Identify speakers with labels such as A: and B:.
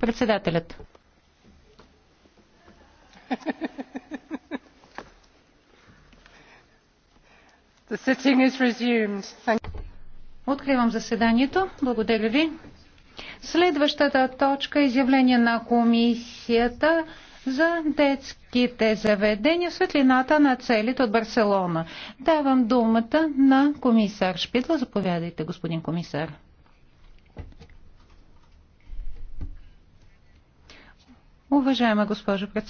A: Председателят.
B: Откривам заседанието. Благодаря ви. Следващата точка е изявление на комисията за детските заведения в светлината на целите от Барселона. Давам думата на комисар Шпитла. Заповядайте, господин комисар. Уважаема госпожо председател,